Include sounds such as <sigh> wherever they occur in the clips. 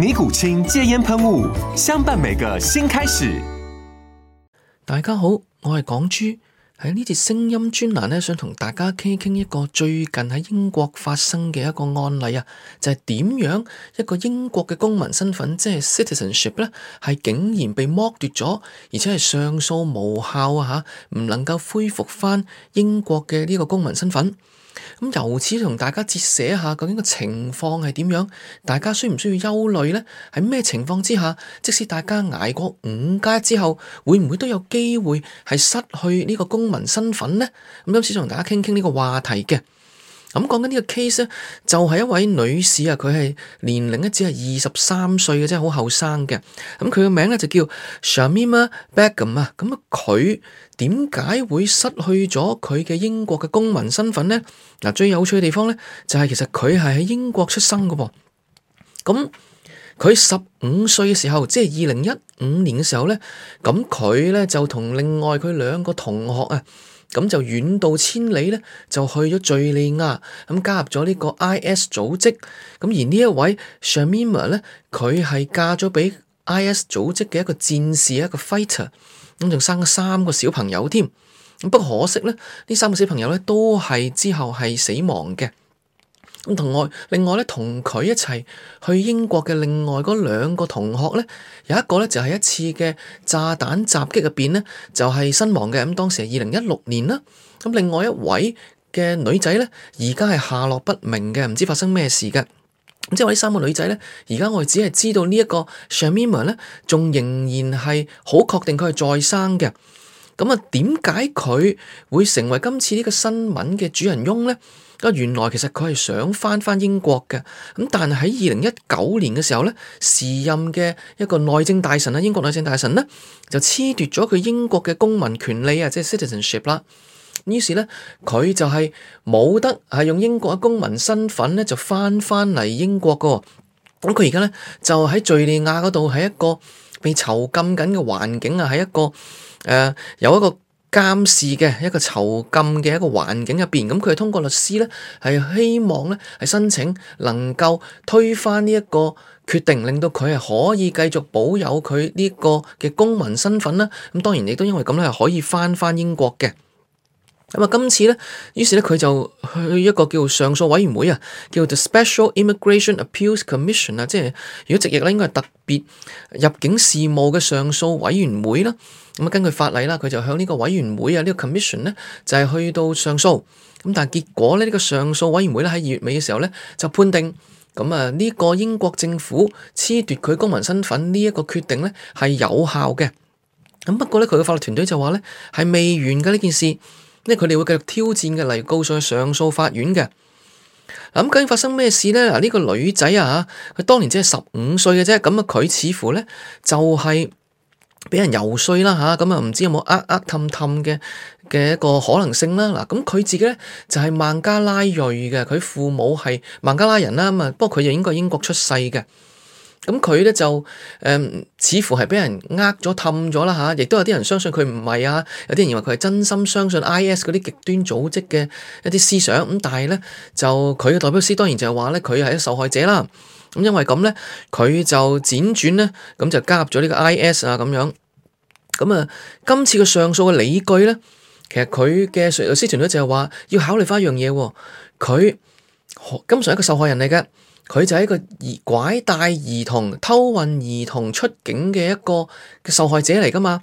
尼古清戒煙噴霧，相伴每個新開始。大家好，我係港豬喺呢節聲音專欄咧，想同大家傾一傾一個最近喺英國發生嘅一個案例啊，就係點樣一個英國嘅公民身份，即係 citizenship 咧，係竟然被剝奪咗，而且係上訴無效啊，吓唔能夠恢復翻英國嘅呢個公民身份。咁由此同大家折射下究竟個情況係點樣，大家需唔需要憂慮呢？係咩情況之下，即使大家挨過五加一之後，會唔會都有機會係失去呢個公民身份呢？咁今次就同大家傾傾呢個話題嘅。咁講緊呢個 case 咧，就係一位女士啊，佢係年齡咧只係二十三歲嘅，即係好後生嘅。咁佢嘅名咧就叫 Shamima Begum 啊。咁啊，佢點解會失去咗佢嘅英國嘅公民身份咧？嗱，最有趣嘅地方咧，就係其實佢係喺英國出生嘅噃。咁佢十五歲嘅時候，即係二零一五年嘅時候咧，咁佢咧就同另外佢兩個同學啊。咁就遠道千里咧，就去咗敍利亞，咁加入咗呢個 IS 組織。咁而呢一位 Shamima 咧，佢係嫁咗俾 IS 組織嘅一個戰士，一個 fighter。咁仲生三個小朋友添。咁不過可惜咧，呢三個小朋友咧都係之後係死亡嘅。同外另外咧，同佢一齊去英國嘅另外嗰兩個同學咧，有一個咧就係、是、一次嘅炸彈襲擊入邊咧，就係、是、身亡嘅。咁當時係二零一六年啦。咁另外一位嘅女仔咧，而家係下落不明嘅，唔知發生咩事嘅。咁即係話呢三個女仔咧，而家我哋只係知道呢一個 Shamima 咧，仲仍然係好確定佢係在生嘅。咁啊，點解佢會成為今次呢個新聞嘅主人翁咧？啊，原來其實佢係想返返英國嘅，咁但係喺二零一九年嘅時候咧，時任嘅一個內政大臣啊，英國內政大臣咧就褫奪咗佢英國嘅公民權利啊，即係 citizenship 啦。於是咧，佢就係冇得係用英國嘅公民身份咧，就返返嚟英國噶。咁佢而家咧就喺敘利亞嗰度係一個被囚禁緊嘅環境啊，喺一個誒、呃、有一個監視嘅一個囚禁嘅一個環境入邊，咁佢通過律師咧，係希望咧係申請能夠推翻呢一個決定，令到佢係可以繼續保有佢呢個嘅公民身份啦。咁當然亦都因為咁咧，係可以翻翻英國嘅。咁啊，今次咧，於是咧，佢就去一個叫做上訴委員會啊，叫做、The、Special Immigration Appeals Commission 啦，即係如果直譯咧，應該係特別入境事務嘅上訴委員會啦。咁啊，根據法例啦，佢就向呢個委員會啊，呢個、呢個 commission 咧，就係、是、去到上訴。咁但係結果咧，呢、呢個上訴委員會咧喺二月尾嘅時候咧，就判定咁啊，呢、呢個英國政府褫奪佢公民身份呢一個決定咧係有效嘅。咁不過咧，佢嘅法律團隊就話咧係未完嘅呢件事。咧佢哋會繼續挑戰嘅，例如告上上訴法院嘅。咁、啊、究竟發生咩事呢？嗱、這、呢個女仔啊，佢當年只係十五歲嘅啫。咁啊，佢似乎咧就係畀人遊說啦，吓咁啊，唔知有冇呃呃氹氹嘅嘅一個可能性啦。嗱咁佢自己咧就係孟加拉裔嘅，佢父母係孟加拉人啦。咁啊，不過佢又應該係英國出世嘅。咁佢咧就誒、嗯，似乎係俾人呃咗、氹咗啦嚇，亦都有啲人相信佢唔係啊，有啲人認為佢係真心相信 I S 嗰啲極端組織嘅一啲思想。咁但係咧，就佢嘅代表師當然就係話咧，佢係一受害者啦。咁因為咁咧，佢就輾轉咧，咁就加入咗呢個 I S 啊，咁樣。咁啊，今次嘅上訴嘅理據咧，其實佢嘅律師團隊就係話，要考慮翻一樣嘢，佢根本係一個受害人嚟嘅。佢就係一個拐帶兒童、偷運兒童出境嘅一個受害者嚟㗎嘛，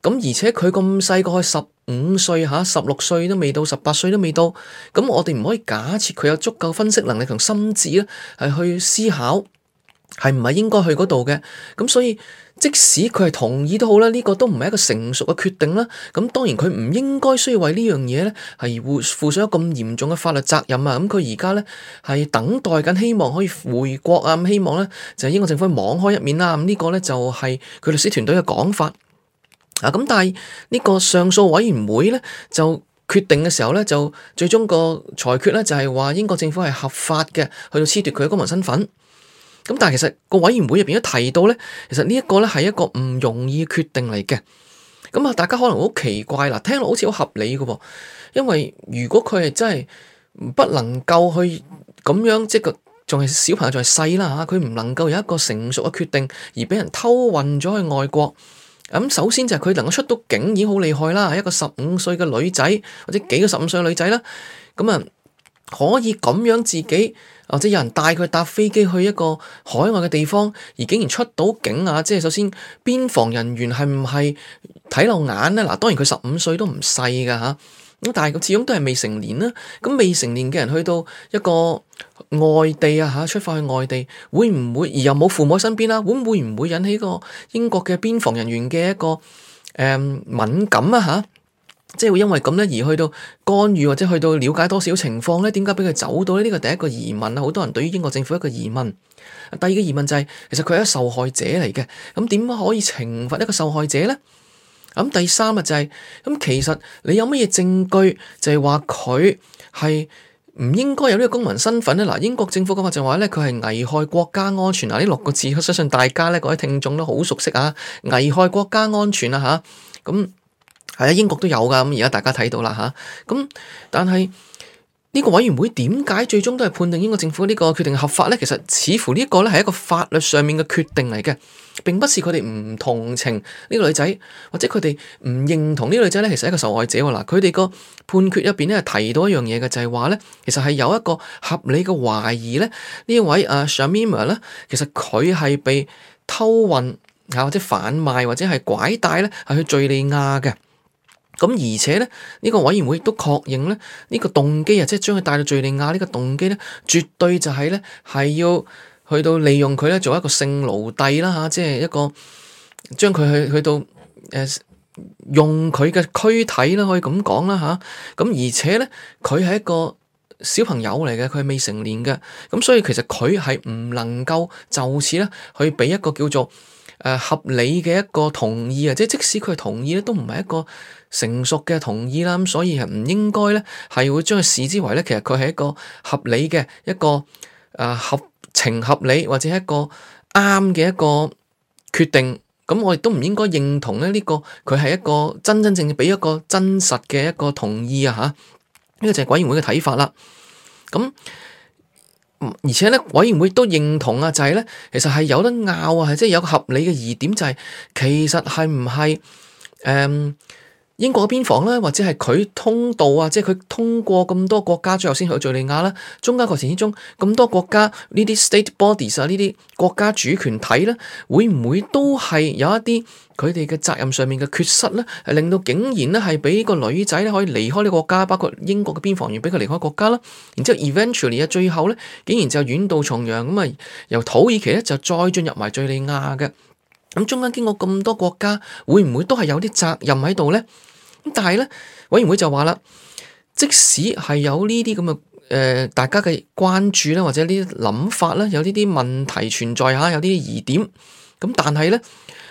咁而且佢咁細個，十五歲吓，十六歲都未到，十八歲都未到，咁我哋唔可以假設佢有足夠分析能力同心智咧，係去思考係唔係應該去嗰度嘅，咁所以。即使佢係同意都好啦，呢、這個都唔係一個成熟嘅決定啦。咁當然佢唔應該需要為呢樣嘢呢係負負上咁嚴重嘅法律責任啊。咁佢而家呢係等待緊，希望可以回國啊。咁希望呢就係、是、英國政府網開一面啦。咁、這、呢個呢就係、是、佢律師團隊嘅講法啊。咁但係呢個上訴委員會呢就決定嘅時候呢，就最終個裁決呢就係話英國政府係合法嘅去到褫奪佢嘅公民身份。咁但係其實個委員會入邊都提到咧，其實呢一個咧係一個唔容易嘅決定嚟嘅。咁啊，大家可能好奇怪啦，聽落好似好合理嘅，因為如果佢係真係不能夠去咁樣，即係仲係小朋友仲係細啦吓，佢唔能夠有一個成熟嘅決定而俾人偷運咗去外國。咁首先就係佢能夠出到境已經好厲害啦，一個十五歲嘅女仔或者幾個十五歲嘅女仔啦，咁啊可以咁樣自己。或者有人帶佢搭飛機去一個海外嘅地方，而竟然出到境啊！即係首先邊防人員係唔係睇漏眼咧？嗱，當然佢十五歲都唔細㗎嚇，咁、啊、但係佢始終都係未成年啦。咁未成年嘅人去到一個外地啊嚇，出發去外地會唔會而又冇父母喺身邊啦、啊？會唔會唔會引起個英國嘅邊防人員嘅一個誒、嗯、敏感啊嚇？即係會因為咁咧，而去到干預或者去到了解多少情況咧？點解俾佢走到咧？呢個第一個疑問啦，好多人對於英國政府一個疑問。第二個疑問就係，其實佢係一個受害者嚟嘅。咁點可以懲罰一個受害者咧？咁第三啊就係，咁其實你有乜嘢證據就係話佢係唔應該有呢個公民身份咧？嗱，英國政府講話就話咧，佢係危害國家安全。嗱，呢六個字相信大家咧，各位聽眾都好熟悉啊！危害國家安全啊吓，咁。係啊，英國都有噶，咁而家大家睇到啦,嚇。咁但係呢個委員會點解最終都係判定英國政府呢個決定合法咧？其實似乎呢個咧係一個法律上面嘅決定嚟嘅，並不是佢哋唔同情呢個女仔，或者佢哋唔認同呢個女仔咧，其實係一個受害者喎。嗱，佢哋個判決入邊咧係提到一樣嘢嘅，就係話咧，其實係有一個合理嘅懷疑咧，呢位阿 Shamima 咧，其實佢係被偷運嚇、或者販賣、或者係拐帶咧，係去敍利亞嘅。咁而且咧，呢個委員會亦都確認咧，呢個動機啊，即係將佢帶到敍利亞呢個動機咧，絕對就係咧，係要去到利用佢咧，做一個性奴隸啦嚇，即係一個將佢去去到誒用佢嘅軀體啦，可以咁講啦嚇。咁而且咧，佢係一個小朋友嚟嘅，佢係未成年嘅，咁所以其實佢係唔能夠就此咧去俾一個叫做誒合理嘅一個同意啊，即係即使佢同意咧，都唔係一個。成熟嘅同意啦，咁所以係唔應該咧，係會將佢視之為咧，其實佢係一個合理嘅一個誒、呃、合情合理或者一個啱嘅一個決定。咁、嗯、我哋都唔應該認同咧呢、呢個佢係一個真真正正俾一個真實嘅一個同意啊！嚇，呢個就係委員會嘅睇法啦。咁、嗯、而且咧委員會都認同啊，就係、是、咧其實係有得拗啊，係即係有個合理嘅疑點、就是，就係其實係唔係誒？嗯英國嘅邊防咧，或者係佢通道啊，即係佢通過咁多國家，最後先去到敘利亞啦。中間過程之中，咁多國家呢啲 state bodies 啊，呢啲國家主權體咧，會唔會都係有一啲佢哋嘅責任上面嘅缺失咧？令到竟然咧係俾個女仔咧可以離開呢個國家，包括英國嘅邊防員俾佢離開國家啦。然之後 eventually 啊，最後咧竟然就遠渡重洋咁啊，由土耳其咧就再進入埋敘利亞嘅。咁中間經過咁多國家，會唔會都係有啲責任喺度咧？但係咧，委員會就話啦，即使係有呢啲咁嘅誒，大家嘅關注咧，或者呢啲諗法咧，有呢啲問題存在吓，有呢啲疑點。咁但係咧，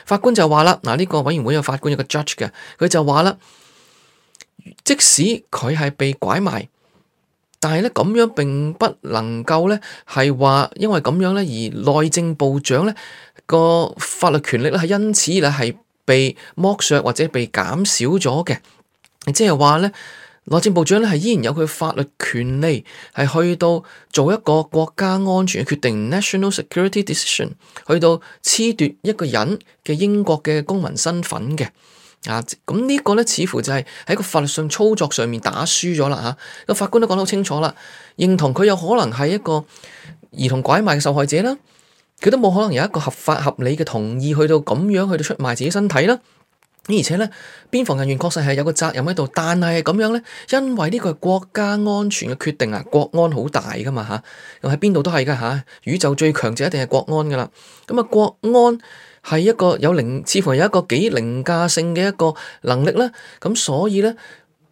法官就話啦，嗱、這、呢個委員會有法官有個 judge 嘅，佢就話啦，即使佢係被拐賣，但係咧咁樣並不能夠咧係話，因為咁樣咧而內政部長咧個法律權力咧係因此而係。被剝削或者被減少咗嘅，即係話咧，內政部長咧係依然有佢嘅法律權利係去到做一個國家安全決定 （national security decision），去到褫奪一個人嘅英國嘅公民身份嘅啊。咁呢個咧似乎就係喺個法律上操作上面打輸咗啦吓。個、啊、法官都講得好清楚啦，認同佢有可能係一個兒童拐賣嘅受害者啦。佢都冇可能有一個合法合理嘅同意去到咁樣去到出賣自己身體啦，而且咧邊防人員確實係有個責任喺度，但係咁樣咧，因為呢個係國家安全嘅決定啊，國安好大噶嘛吓，咁喺邊度都係噶吓，宇宙最強者一定係國安噶啦，咁啊國安係一個有凌，似乎係有一個幾凌駕性嘅一個能力啦，咁所以咧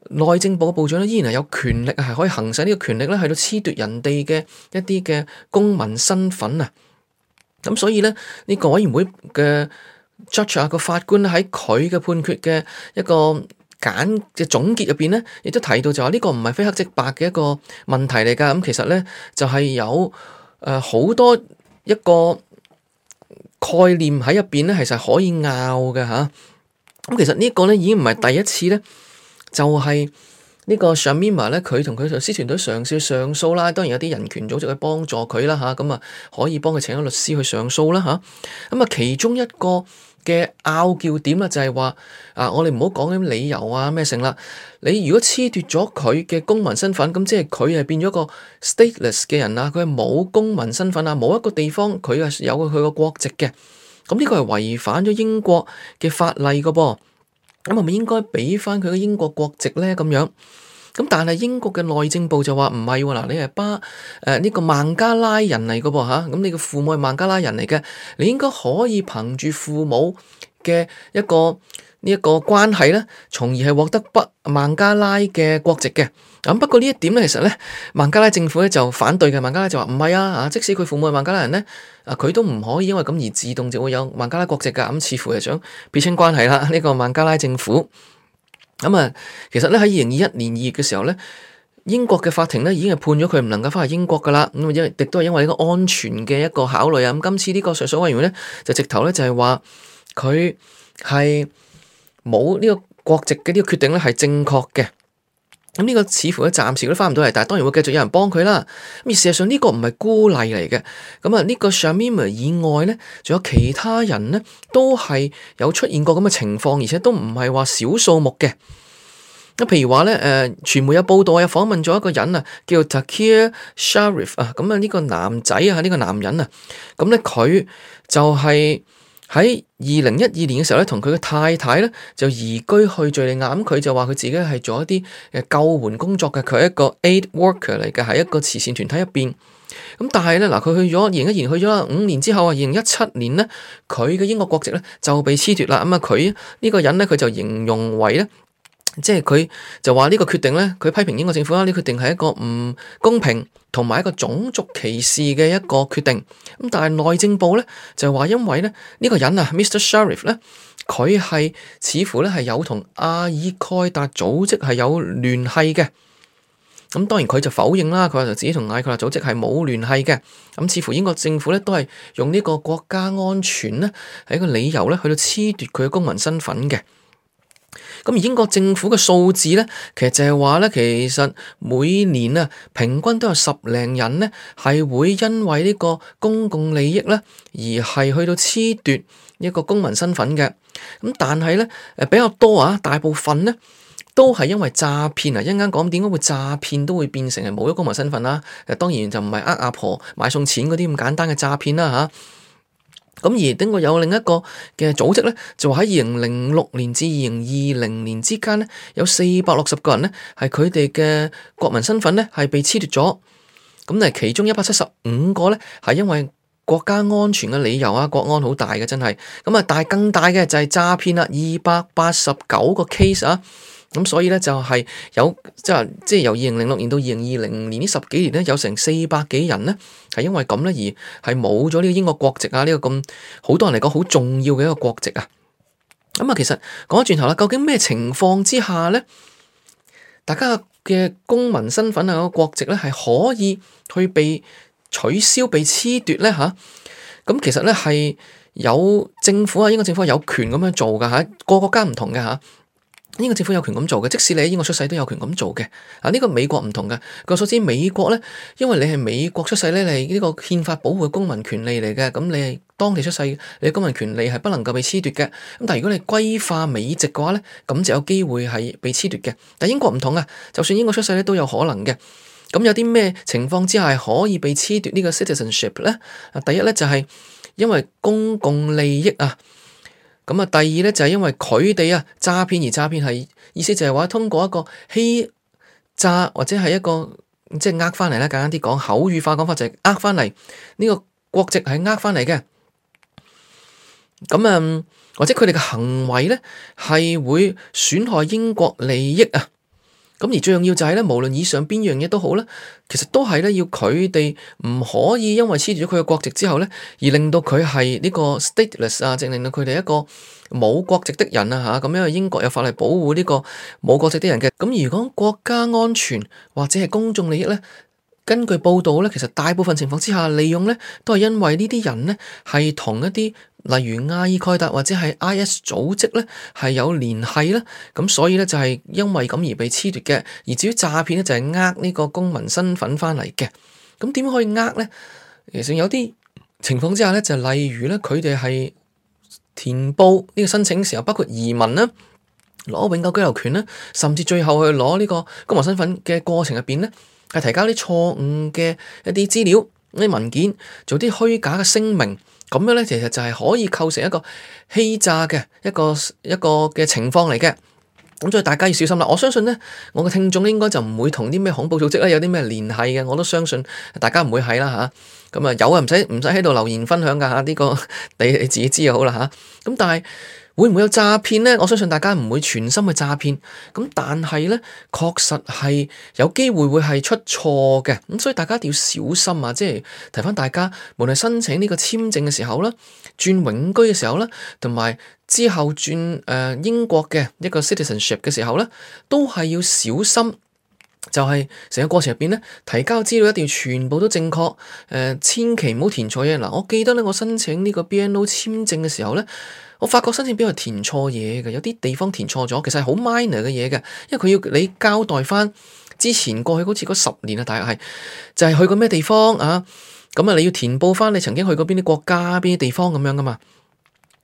內政部嘅部長咧依然係有權力係可以行使呢個權力咧，去到褫奪人哋嘅一啲嘅公民身份啊。咁所以咧，呢、這個委員會嘅 judge 啊，個法官喺佢嘅判決嘅一個簡嘅總結入邊咧，亦都提到就話呢個唔係非黑即白嘅一個問題嚟噶。咁、嗯、其實咧，就係、是、有誒好、呃、多一個概念喺入邊咧，其實係可以拗嘅吓。咁其實呢個咧已經唔係第一次咧，就係、是。呢個 Shamima 佢同佢律師團隊嘗試上訴啦。當然有啲人權組織去幫助佢啦，吓、啊，咁、嗯、啊，可以幫佢請咗律師去上訴啦，吓、啊，咁、嗯、啊，其中一個嘅拗撬點啦，就係話啊，我哋唔好講啲理由啊咩成啦。你如果褫奪咗佢嘅公民身份，咁、嗯、即係佢係變咗一個 stateless 嘅人啊，佢係冇公民身份啊，冇一個地方佢係有佢個國籍嘅。咁、嗯、呢、這個係違反咗英國嘅法例嘅噃。咁係咪應該畀翻佢個英國國籍咧？咁樣咁，但係英國嘅內政部就話唔係喎，嗱，你係巴誒呢、呃這個孟加拉人嚟噶噃吓，咁、啊、你個父母係孟加拉人嚟嘅，你應該可以憑住父母嘅一個呢一個關係咧，從而係獲得不孟加拉嘅國籍嘅。咁不過呢一點咧，其實咧，孟加拉政府咧就反對嘅。孟加拉就話唔係啊，嚇！即使佢父母係孟加拉人咧，啊佢都唔可以因為咁而自動就會有孟加拉國籍㗎。咁、嗯、似乎係想撇清關係啦。呢、這個孟加拉政府咁啊、嗯，其實咧喺二零二一年二月嘅時候咧，英國嘅法庭咧已經係判咗佢唔能夠翻去英國㗎啦。咁因為亦都係因為呢個安全嘅一個考慮啊。咁、嗯、今次個呢個上訴委員會咧就直頭咧就係話佢係冇呢個國籍嘅呢個決定咧係正確嘅。咁呢個似乎咧，暫時都翻唔到嚟，但係當然會繼續有人幫佢啦。咁事實上呢個唔係孤例嚟嘅，咁啊呢個 Shamima 以外咧，仲有其他人咧都係有出現過咁嘅情況，而且都唔係話少數目嘅。咁譬如話咧，誒、呃，傳媒有報道有訪問咗一個人 if, 啊，叫 Takir Sharif 啊，咁啊呢個男仔啊，呢個男人啊，咁咧佢就係、是。喺二零一二年嘅時候咧，同佢嘅太太咧就移居去敘利亞，咁、嗯、佢就話佢自己係做一啲誒救援工作嘅，佢係一個 aid worker 嚟嘅，喺一個慈善團體入邊。咁、嗯、但係咧，嗱佢去咗延一延去咗五年之後啊，二零一七年咧，佢嘅英國國籍咧就被褫奪啦。咁、嗯、啊，佢呢、這個人咧，佢就形容為咧。即係佢就話呢個決定咧，佢批評英國政府啦，呢、這個決定係一個唔公平同埋一個種族歧視嘅一個決定。咁但係內政部咧就話，因為咧呢、這個人啊，Mr. Sheriff 咧，佢係似乎咧係有同阿爾蓋達組織係有聯繫嘅。咁當然佢就否認啦，佢話就自己同阿爾蓋達組織係冇聯繫嘅。咁、嗯、似乎英國政府咧都係用呢個國家安全咧係一個理由咧去到褫奪佢嘅公民身份嘅。咁而英國政府嘅數字咧，其實就係話咧，其實每年啊，平均都有十零人咧，係會因為呢個公共利益咧，而係去到褫奪一個公民身份嘅。咁但係咧，誒比較多啊，大部分咧都係因為詐騙啊，一陣間講點解會詐騙，都會變成係冇咗公民身份啦。誒，當然就唔係呃阿婆買送錢嗰啲咁簡單嘅詐騙啦，啊，吓。咁而等我有另一個嘅組織咧，就話喺二零零六年至二零二零年之間咧，有四百六十個人咧，係佢哋嘅國民身份咧，係被褫奪咗。咁但係，其中一百七十五個咧，係因為國家安全嘅理由啊，國安好大嘅真係。咁啊，但係更大嘅就係詐騙啦，二百八十九個 case 啊。咁所以咧就係有即係即係由二零零六年到二零二零年呢十幾年咧，有成四百幾人咧係因為咁咧而係冇咗呢個英國國籍啊！呢、呢個咁好多人嚟講好重要嘅一個國籍啊！咁、嗯、啊，其實講返轉頭啦，究竟咩情況之下咧，大家嘅公民身份啊、國籍咧係可以去被取消、被褫奪咧吓，咁、啊嗯、其實咧係有政府啊，英國政府係有權咁樣做㗎吓，啊、個國家唔同㗎吓。啊英國政府有權咁做嘅，即使你喺英國出世都有權咁做嘅。啊，呢個美國唔同嘅。據所知，美國咧，因為你係美國出世咧，你呢個憲法保護公民權利嚟嘅，咁你係當地出世，你公民權利係不能夠被褫奪嘅。咁但係如果你歸化美籍嘅話咧，咁就有機會係被褫奪嘅。但係英國唔同啊，就算英國出世咧都有可能嘅。咁有啲咩情況之下係可以被褫奪呢個 citizenship 咧？啊，第一咧就係、是、因為公共利益啊。咁啊，第二咧就係因為佢哋啊詐騙而詐騙，係意思就係話通過一個欺詐或者係一個即係呃翻嚟咧，簡單啲講，口語化講法就係呃翻嚟呢個國籍係呃翻嚟嘅。咁啊，或者佢哋嘅行為咧係會損害英國利益啊。咁而最重要就係咧，無論以上邊樣嘢都好咧，其實都係咧，要佢哋唔可以因為黐住咗佢嘅國籍之後咧，而令到佢係呢個 stateless 啊，即係令到佢哋一個冇國籍的人啊嚇。咁因為英國有法例保護呢個冇國籍的人嘅。咁如果國家安全或者係公眾利益咧，根據報道咧，其實大部分情況之下利用咧都係因為呢啲人咧係同一啲。例如阿伊蓋特或者係 I S 組織咧，係有聯繫啦。咁所以咧就係因為咁而被褫奪嘅。而至於詐騙咧，就係呃呢個公民身份翻嚟嘅。咁點可以呃咧？其實有啲情況之下咧，就例如咧，佢哋係填報呢個申請時候，包括移民啦、攞永久居留權啦，甚至最後去攞呢個公民身份嘅過程入邊咧，係提交啲錯誤嘅一啲資料、啲文件，做啲虛假嘅聲明。咁樣咧，其實就係可以構成一個欺詐嘅一個一個嘅情況嚟嘅。咁所以大家要小心啦。我相信咧，我嘅聽眾應該就唔會同啲咩恐怖組織咧有啲咩聯繫嘅。我都相信大家唔會係啦嚇。咁啊，啊有啊，唔使唔使喺度留言分享噶嚇。呢、啊呢個你 <laughs> 你自己知就好啦嚇。咁、啊啊、但係。會唔會有詐騙呢？我相信大家唔會全心去詐騙，咁但係呢，確實係有機會會係出錯嘅，咁所以大家一定要小心啊！即係提翻大家，無論申請呢個簽證嘅時候啦，轉永居嘅時候啦，同埋之後轉誒英國嘅一個 citizenship 嘅時候咧，都係要小心，就係成個過程入邊咧，提交資料一定要全部都正確，誒、呃，千祈唔好填錯嘢。嗱，我記得咧，我申請呢個 BNO 簽證嘅時候咧。我發覺申請表係填錯嘢嘅，有啲地方填錯咗，其實係好 minor 嘅嘢嘅，因為佢要你交代翻之前過去好似嗰十年啊，大概係就係去過咩地方啊，咁啊你要填報翻你曾經去過邊啲國家、邊啲地方咁樣㗎嘛。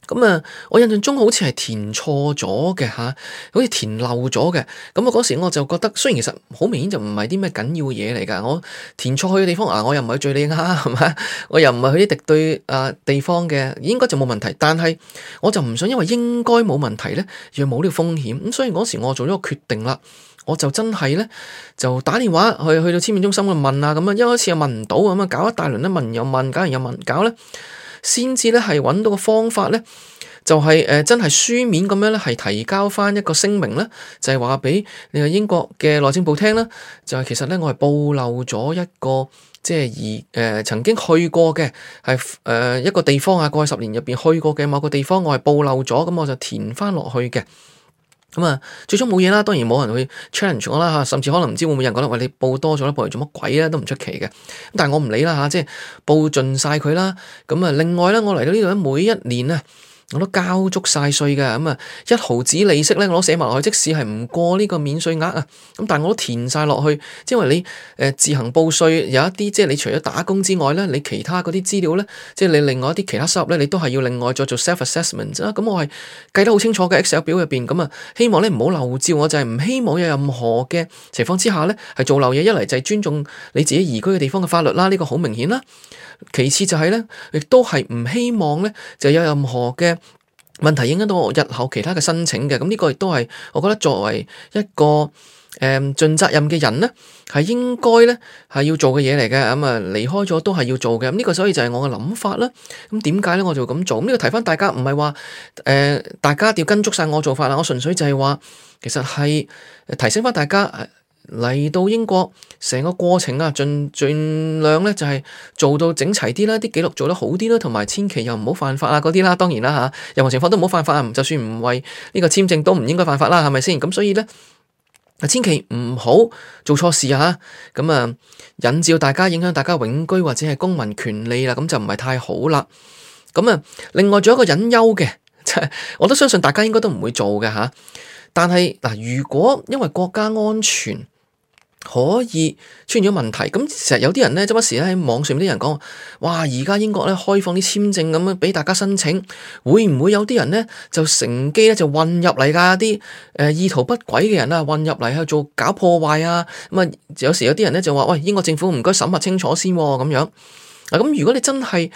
咁啊、嗯，我印象中好似係填錯咗嘅嚇，好似填漏咗嘅。咁啊嗰時我就覺得，雖然其實好明顯就唔係啲咩緊要嘢嚟噶，我填錯去嘅地方啊，我又唔係去敍利亞係嘛？我又唔係去啲敵對啊地方嘅，應該就冇問題。但係我就唔想因為應該冇問題咧，而冇呢個風險。咁、嗯、所以嗰時我做咗個決定啦，我就真係咧就打電話去去到簽證中心去問啊，咁啊一開始又問唔到，咁啊搞一大輪一問又問，搞完又問搞咧。先至咧係揾到個方法咧，就係、是、誒真係書面咁樣咧，係提交翻一個聲明咧，就係話俾你個英國嘅內政部聽啦，就係、是、其實咧我係暴露咗一個即係而誒曾經去過嘅，係誒、呃、一個地方啊，過去十年入邊去過嘅某個地方，我係暴露咗，咁我就填翻落去嘅。咁啊，最終冇嘢啦，當然冇人去 challenge 我啦，甚至可能唔知會唔會有人覺得喂，你報多咗啦，報嚟做乜鬼咧都唔出奇嘅，但係我唔理啦嚇，即係報盡晒佢啦。咁啊，另外咧，我嚟到呢度咧，每一年咧。我都交足晒稅嘅，咁啊，一毫子利息咧，我都寫埋落去，即使係唔過呢個免稅額啊，咁但係我都填晒落去，即係你誒、呃、自行報稅，有一啲即係你除咗打工之外咧，你其他嗰啲資料咧，即係你另外一啲其他收入咧，你都係要另外再做 self assessment 啊，咁我係計得好清楚嘅 Excel 表入邊，咁、嗯、啊希望咧唔好漏照，我就係唔希望有任何嘅情況之下咧係做漏嘢，一嚟就係尊重你自己移居嘅地方嘅法律啦，呢、啊這個好明顯啦。其次就係咧，亦都係唔希望咧，就有任何嘅問題影響到我日後其他嘅申請嘅。咁、嗯、呢、這個亦都係，我覺得作為一個誒盡、嗯、責任嘅人咧，係應該咧係要做嘅嘢嚟嘅。咁、嗯、啊離開咗都係要做嘅。咁、嗯、呢、這個所以就係我嘅諗法啦。咁點解咧我就咁做？咁、嗯、呢、這個提翻大家唔係話誒大家要跟足晒我做法啦。我純粹就係話，其實係提醒翻大家。嚟到英國，成個過程啊，盡盡量咧就係、是、做到整齊啲啦，啲記錄做得好啲啦，同埋千祈又唔好犯法啊嗰啲啦，當然啦嚇，任何情況都唔好犯法啊，就算唔為呢個簽證都唔應該犯法啦，係咪先？咁所以咧，千祈唔好做錯事啊嚇，咁啊引致大家影響大家永居或者係公民權利啦，咁就唔係太好啦。咁啊、啊，另外仲有一個隱憂嘅， <laughs> 我都相信大家應該都唔會做嘅嚇、啊。但係嗱、啊，如果因為國家安全，可以出現咗問題，咁其實有啲人咧，周不時咧喺網上啲人講，哇！而家英國咧開放啲簽證咁樣俾大家申請，會唔會有啲人咧就乘機咧就混入嚟㗎？啲誒意圖不軌嘅人啊，混入嚟去做搞破壞啊，咁啊有時有啲人咧就話，喂，英國政府唔該審核清楚先咁、哦、樣。啊，咁如果你真係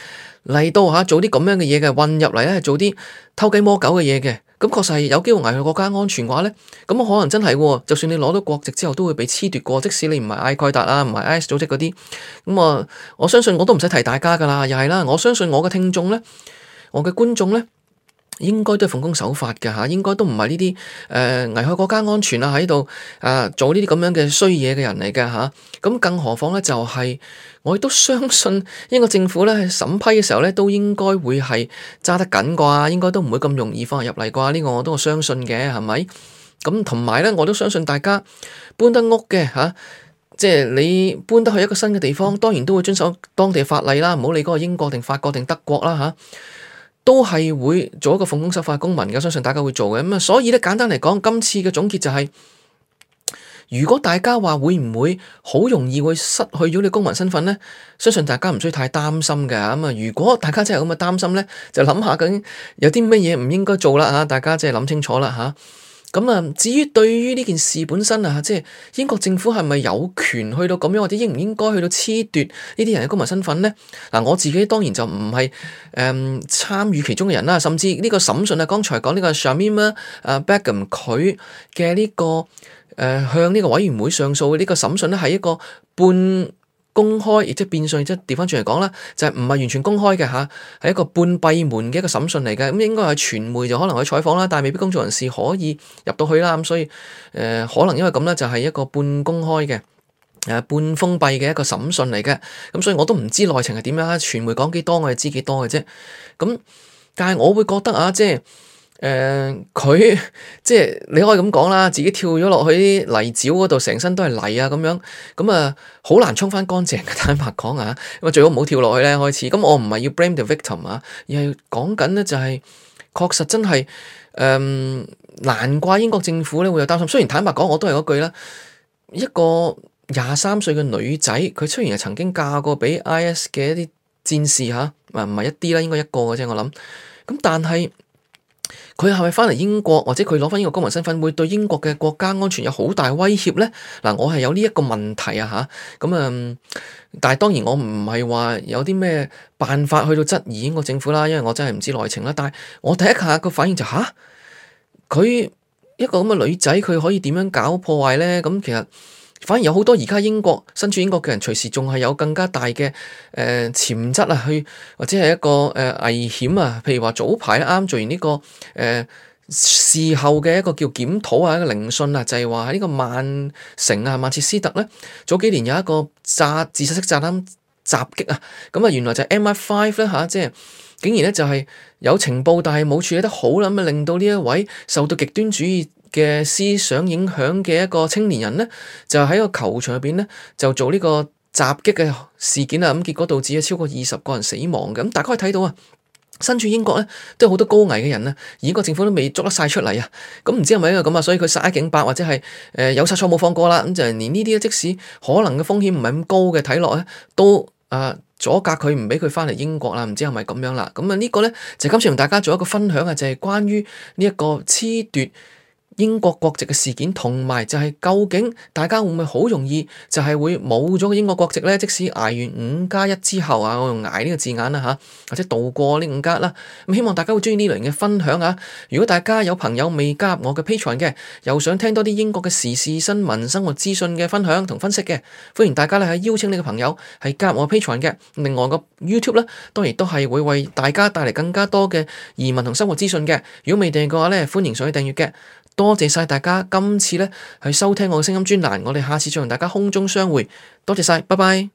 嚟到嚇、啊、做啲咁樣嘅嘢嘅，混入嚟咧做啲偷雞摸狗嘅嘢嘅。咁確實係有機會危害國家安全嘅話呢，咁可能真係喎，就算你攞到國籍之後都會被褫奪過。即使你唔係埃蓋達啊，唔係 IS 組織嗰啲，咁啊，我相信我都唔使提大家㗎喇，又係啦，我相信我嘅聽眾呢，我嘅觀眾呢。應該都係奉公守法嘅嚇，應該都唔係呢啲誒危害國家安全啊，喺度啊做呢啲咁樣嘅衰嘢嘅人嚟嘅嚇。咁、啊、更何況咧，就係、是、我亦都相信英國政府咧審批嘅時候咧，都應該會係揸得緊啩，應該都唔會咁容易放入嚟啩。呢、這個我都相信嘅，係咪？咁同埋咧，我都相信大家搬得屋嘅嚇，即、啊、係、就是、你搬得去一個新嘅地方，當然都會遵守當地法例啦。唔、啊、好理嗰個英國定法國定德國啦嚇。啊都係會做一個奉公守法嘅公民嘅，相信大家會做嘅。咁啊，所以咧簡單嚟講，今次嘅總結就係、是，如果大家話會唔會好容易會失去咗你公民身份呢？相信大家唔需要太擔心嘅。咁啊，如果大家真係咁嘅擔心呢，就諗下究竟有啲乜嘢唔應該做啦吓，大家即係諗清楚啦吓。咁啊，至於對於呢件事本身啊，即係英國政府係咪有權去到咁樣，或者應唔應該去到褫奪呢啲人嘅公民身份咧？嗱，我自己當然就唔係誒參與其中嘅人啦，甚至呢個審訊啊，剛才講呢個 Shamima 啊 Begum 佢嘅呢個誒、呃、向呢個委員會上訴嘅呢個審訊咧，係一個半公開，亦即變相，即係調翻轉嚟講啦，就係唔係完全公開嘅嚇，係一個半閉門嘅一個審訊嚟嘅。咁應該係傳媒就可能去採訪啦，但係未必工作人士可以入到去啦。咁所以誒、呃，可能因為咁咧，就係、是、一個半公開嘅誒半封閉嘅一個審訊嚟嘅。咁所以我都唔知內情係點樣啦。傳媒講幾多，多，我哋知幾多嘅啫。咁但係我會覺得啊，即係。誒，佢、uh，即係你可以咁講啦，自己跳咗落去啲泥沼嗰度，成身都係泥啊，咁樣咁啊，好難沖翻乾淨。坦白講啊，咁啊最好唔好跳落去咧。開始咁，我唔係要 blame the victim 啊、就是，而係講緊咧就係確實真係誒、嗯，難怪英國政府咧會有擔心。雖然坦白講，我都係嗰句啦，一個廿三歲嘅女仔，佢雖然係曾經嫁過俾 IS 嘅一啲戰士吓，唔、啊、係一啲啦，應該一個嘅啫。我諗咁，但係。佢係咪翻嚟英國，或者佢攞翻呢個公民身份會對英國嘅國家安全有好大威脅呢？嗱，我係有呢一個問題啊吓，咁啊，但係當然我唔係話有啲咩辦法去到質疑英國政府啦，因為我真係唔知內情啦。但係我第一下個反應就：「吓，佢一個咁嘅女仔，佢可以點樣搞破壞呢？」咁其實。反而有好多而家英國身處英國嘅人，隨時仲係有更加大嘅誒潛質啊，呃、去或者係一個誒、呃、危險啊。譬如話早排啱做完呢、這個誒、呃、事後嘅一個叫檢討啊，一個聆訊啊，就係話喺呢個曼城啊、曼徹斯特咧，早幾年有一個炸自殺式炸彈襲擊啊。咁啊，原來就係 MI5 咧吓，即係竟然咧就係有情報，但係冇處理得好啦，咁啊令到呢一位受到極端主義。嘅思想影響嘅一個青年人呢，就喺個球場入邊呢，就做呢個襲擊嘅事件啦。咁結果導致啊超過二十個人死亡嘅。咁大家可以睇到啊，身處英國咧，都有好多高危嘅人啦。而英國政府都未捉得晒出嚟啊。咁唔知係咪因為咁啊，所以佢殺一儆百或者係誒有殺錯冇放過啦。咁就連呢啲即使可能嘅風險唔係咁高嘅睇落呢，都啊阻隔佢唔畀佢翻嚟英國啦。唔知係咪咁樣啦。咁啊呢個呢，就今、是、次同大家做一個分享嘅，就係、是、關於呢一個褫奪英國國籍嘅事件，同埋就係究竟大家會唔會好容易就係會冇咗個英國國籍呢？即使捱完五加一之後啊，我用捱呢個字眼啦吓，或者度過呢五加一啦。咁希望大家會中意呢類嘅分享啊！如果大家有朋友未加入我嘅 Patreon 嘅，又想聽多啲英國嘅時事新聞、生活資訊嘅分享同分析嘅，歡迎大家咧係邀請你嘅朋友係加入我 Patreon 嘅。另外個 YouTube 呢，當然都係會為大家帶嚟更加多嘅移民同生活資訊嘅。如果未訂閱嘅話呢，歡迎上去訂閱嘅。多謝晒大家今次呢，係收聽我嘅聲音專欄，我哋下次再同大家空中相會。多謝晒，拜拜。